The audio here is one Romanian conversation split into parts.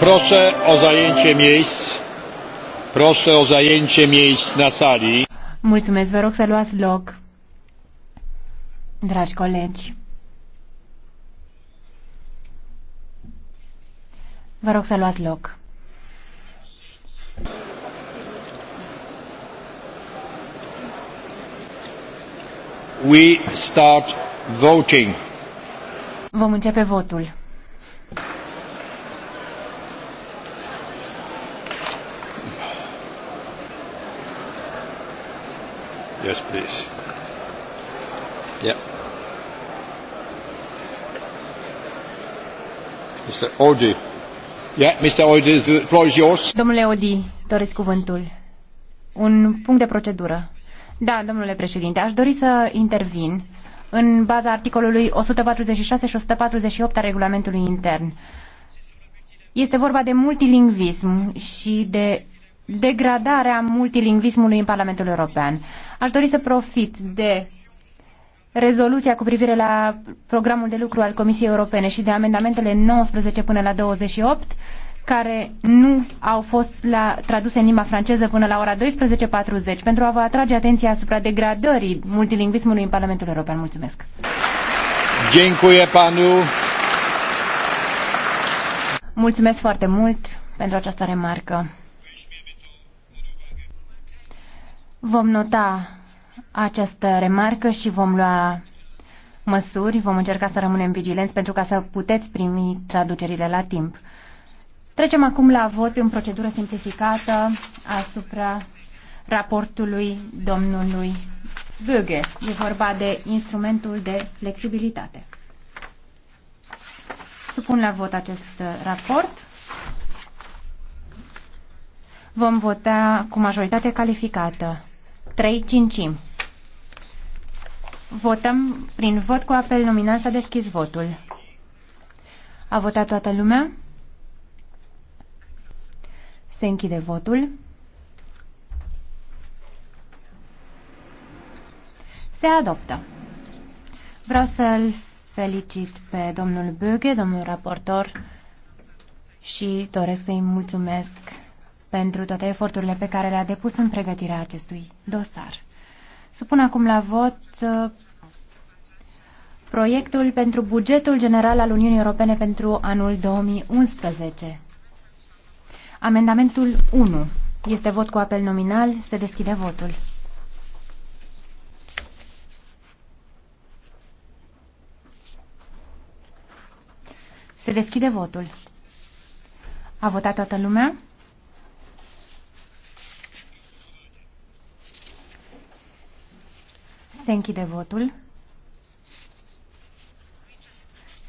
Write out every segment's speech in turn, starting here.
Proszę o zajęcie miejsc. Proszę o zajęcie miejsc na sali. Mulțumesc, vă rog să luați loc. Dragi colegi, vă rog să luați loc. We start voting. Vom începe votul. Yes, please. Yeah. Mr. Audi. Yeah, Mr. Audi, the floor is yours. Domnule Audi, doriți cuvântul. Un punct de procedură. Da, domnule președinte, aș dori să intervin în baza articolului 146 și 148 a regulamentului intern. Este vorba de multilingvism și de degradarea multilingvismului în Parlamentul European. Aș dori să profit de rezoluția cu privire la programul de lucru al Comisiei Europene și de amendamentele 19 până la 28 care nu au fost la, traduse în limba franceză până la ora 12.40 pentru a vă atrage atenția asupra degradării multilingvismului în Parlamentul European. Mulțumesc! Dziękuję panu. Mulțumesc foarte mult pentru această remarcă. Vom nota această remarcă și vom lua măsuri, vom încerca să rămânem vigilenți pentru ca să puteți primi traducerile la timp. Trecem acum la vot în procedură simplificată asupra raportului domnului Böge. E vorba de instrumentul de flexibilitate. Supun la vot acest raport. Vom vota cu majoritate calificată. 3 5 Votăm prin vot cu apel nominal s-a deschis votul. A votat toată lumea? Se închide votul. Se adoptă. Vreau să-l felicit pe domnul Böge, domnul raportor, și doresc să-i mulțumesc pentru toate eforturile pe care le-a depus în pregătirea acestui dosar. Supun acum la vot uh, proiectul pentru bugetul general al Uniunii Europene pentru anul 2011. Amendamentul 1. Este vot cu apel nominal. Se deschide votul. Se deschide votul. A votat toată lumea? Se închide votul.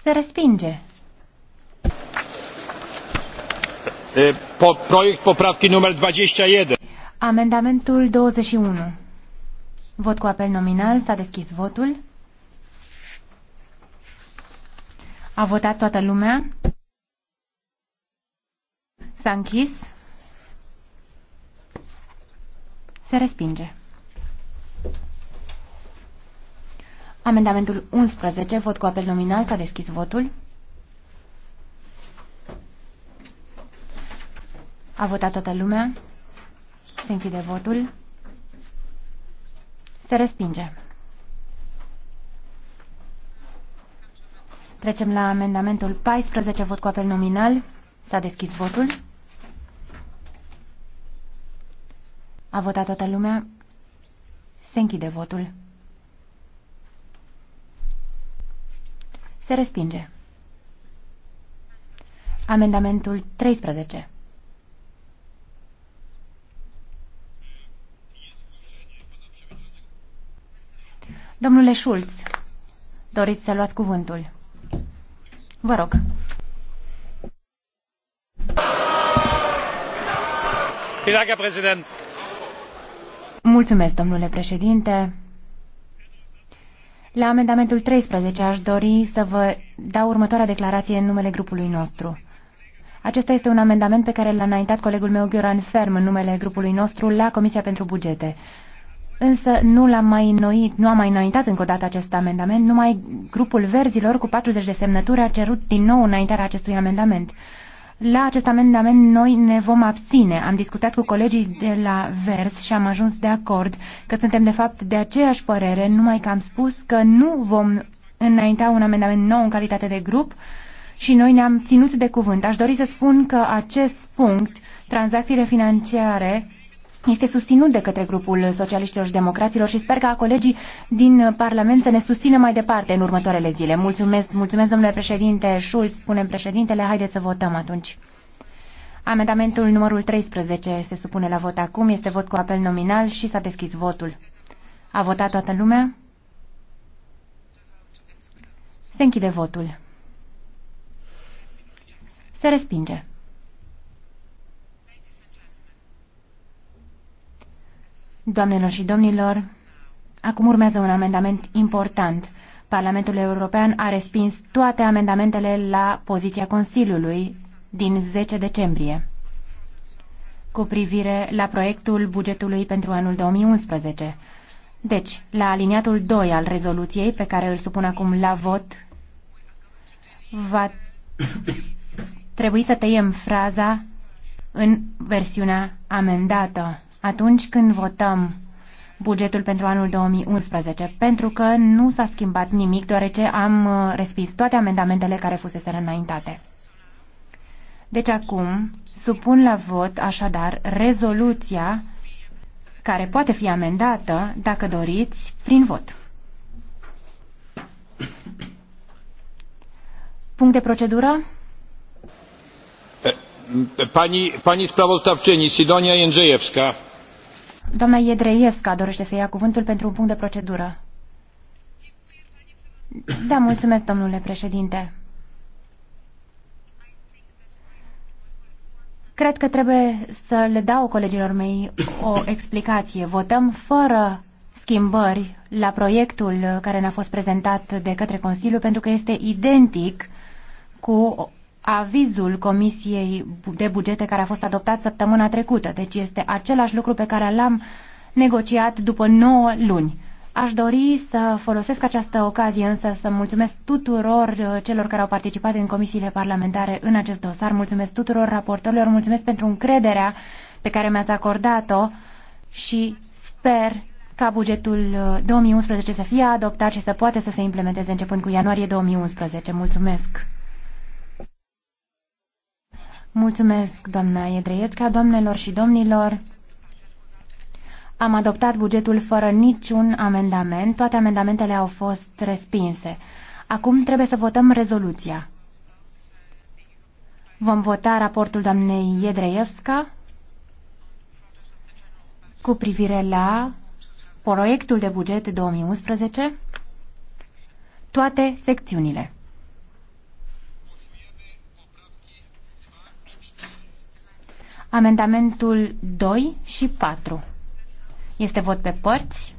Se respinge. Po, proiect poprawki numer 21. Amendamentul 21. Vot cu apel nominal. S-a deschis votul. A votat toată lumea. S-a închis. Se respinge. Amendamentul 11. Vot cu apel nominal. S-a deschis votul. A votat toată lumea. Se închide votul. Se respinge. Trecem la amendamentul 14, vot cu apel nominal. S-a deschis votul. A votat toată lumea. Se închide votul. Se respinge. Amendamentul 13. Domnule Schulz, doriți să luați cuvântul. Vă rog. Mulțumesc, domnule președinte. La amendamentul 13 aș dori să vă dau următoarea declarație în numele grupului nostru. Acesta este un amendament pe care l-a înaintat colegul meu Gioran Ferm în numele grupului nostru la Comisia pentru Bugete însă nu l-am mai înnoit, nu am mai înaintat încă o dată acest amendament, numai grupul verzilor cu 40 de semnături a cerut din nou înaintarea acestui amendament. La acest amendament noi ne vom abține. Am discutat cu colegii de la Vers și am ajuns de acord că suntem de fapt de aceeași părere, numai că am spus că nu vom înainta un amendament nou în calitate de grup și noi ne-am ținut de cuvânt. Aș dori să spun că acest punct, tranzacțiile financiare, este susținut de către grupul socialiștilor și democraților și sper ca colegii din Parlament să ne susțină mai departe în următoarele zile. Mulțumesc, mulțumesc domnule președinte Schulz, spunem președintele, haideți să votăm atunci. Amendamentul numărul 13 se supune la vot acum, este vot cu apel nominal și s-a deschis votul. A votat toată lumea? Se închide votul. Se respinge. Doamnelor și domnilor, acum urmează un amendament important. Parlamentul European a respins toate amendamentele la poziția Consiliului din 10 decembrie cu privire la proiectul bugetului pentru anul 2011. Deci, la aliniatul 2 al rezoluției pe care îl supun acum la vot, va trebui să tăiem fraza în versiunea amendată atunci când votăm bugetul pentru anul 2011, pentru că nu s-a schimbat nimic, deoarece am uh, respins toate amendamentele care fusese înaintate. Deci acum supun la vot așadar rezoluția care poate fi amendată, dacă doriți, prin vot. Punct de procedură? Pani, pani sprawozdawczyni Sidonia Jędrzejewska. Doamna Iedreiesca dorește să ia cuvântul pentru un punct de procedură. Da, mulțumesc, domnule președinte. Cred că trebuie să le dau colegilor mei o explicație. Votăm fără schimbări la proiectul care ne-a fost prezentat de către Consiliu pentru că este identic cu avizul Comisiei de Bugete care a fost adoptat săptămâna trecută. Deci este același lucru pe care l-am negociat după 9 luni. Aș dori să folosesc această ocazie însă să mulțumesc tuturor uh, celor care au participat în comisiile parlamentare în acest dosar, mulțumesc tuturor raportorilor, mulțumesc pentru încrederea pe care mi-ați acordat-o și sper ca bugetul 2011 uh, să fie adoptat și să poate să se implementeze începând cu ianuarie 2011. Mulțumesc! Mulțumesc, doamna Iedreiesca, doamnelor și domnilor. Am adoptat bugetul fără niciun amendament. Toate amendamentele au fost respinse. Acum trebuie să votăm rezoluția. Vom vota raportul doamnei Iedreiesca cu privire la proiectul de buget 2011, toate secțiunile. Amendamentul 2 și 4. Este vot pe părți.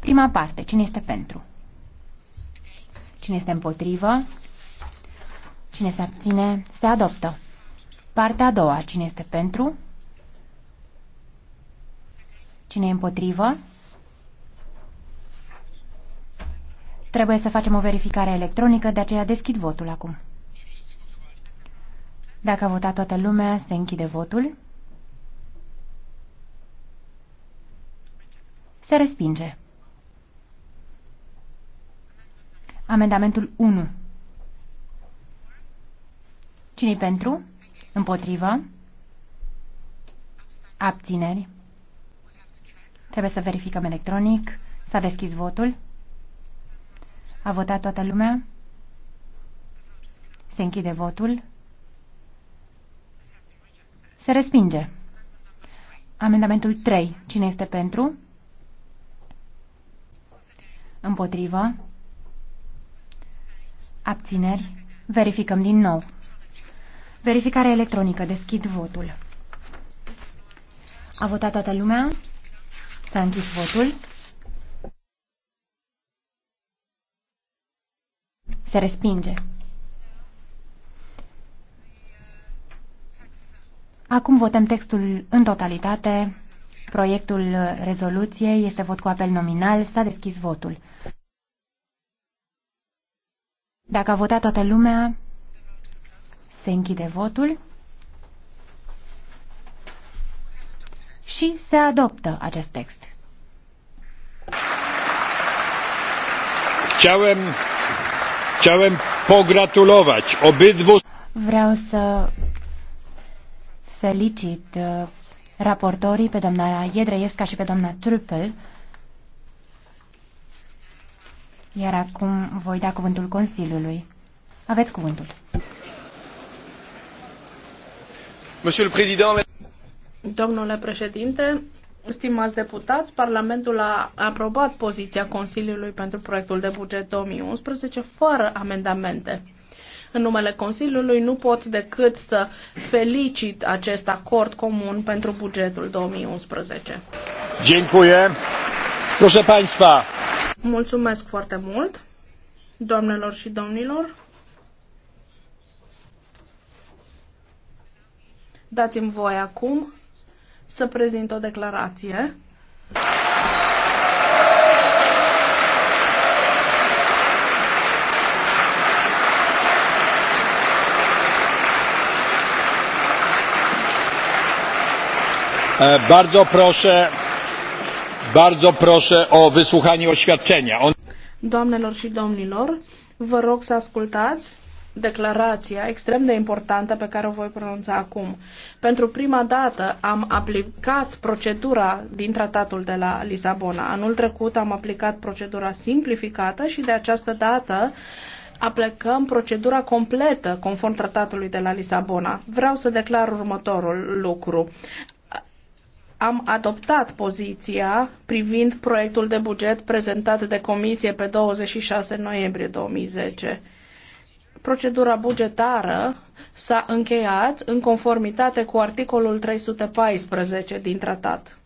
Prima parte. Cine este pentru? Cine este împotrivă? Cine se abține? Se adoptă. Partea a doua. Cine este pentru? Cine e împotrivă? Trebuie să facem o verificare electronică, de aceea deschid votul acum. Dacă a votat toată lumea, se închide votul. Se respinge. Amendamentul 1. cine pentru? Împotrivă? Abțineri? Trebuie să verificăm electronic. S-a deschis votul. A votat toată lumea? Se închide votul. Se respinge. Amendamentul 3. Cine este pentru? Împotrivă. Abțineri. Verificăm din nou. Verificare electronică. Deschid votul. A votat toată lumea. S-a închis votul. Se respinge. Acum votăm textul în totalitate. Proiectul rezoluției este vot cu apel nominal. S-a deschis votul. Dacă a votat toată lumea, se închide votul și se adoptă acest text. Chciałem, chciałem pogratulować obydwu. Vreau să felicit uh, raportorii, pe doamna Iedreievska și pe doamna Trupel. Iar acum voi da cuvântul Consiliului. Aveți cuvântul. Domnule președinte, stimați deputați, Parlamentul a aprobat poziția Consiliului pentru proiectul de buget 2011 fără amendamente. În numele Consiliului nu pot decât să felicit acest acord comun pentru bugetul 2011. Dziękuję. Proszę Państwa. Mulțumesc foarte mult, doamnelor și domnilor. Dați-mi voi acum să prezint o declarație Bardzo proszę, bardzo proszę o wysłuchanie oświadczenia. On... Doamnelor și domnilor, vă rog să ascultați declarația extrem de importantă pe care o voi pronunța acum. Pentru prima dată am aplicat procedura din tratatul de la Lisabona. Anul trecut am aplicat procedura simplificată și de această dată aplicăm procedura completă conform tratatului de la Lisabona. Vreau să declar următorul lucru am adoptat poziția privind proiectul de buget prezentat de Comisie pe 26 noiembrie 2010. Procedura bugetară s-a încheiat în conformitate cu articolul 314 din tratat.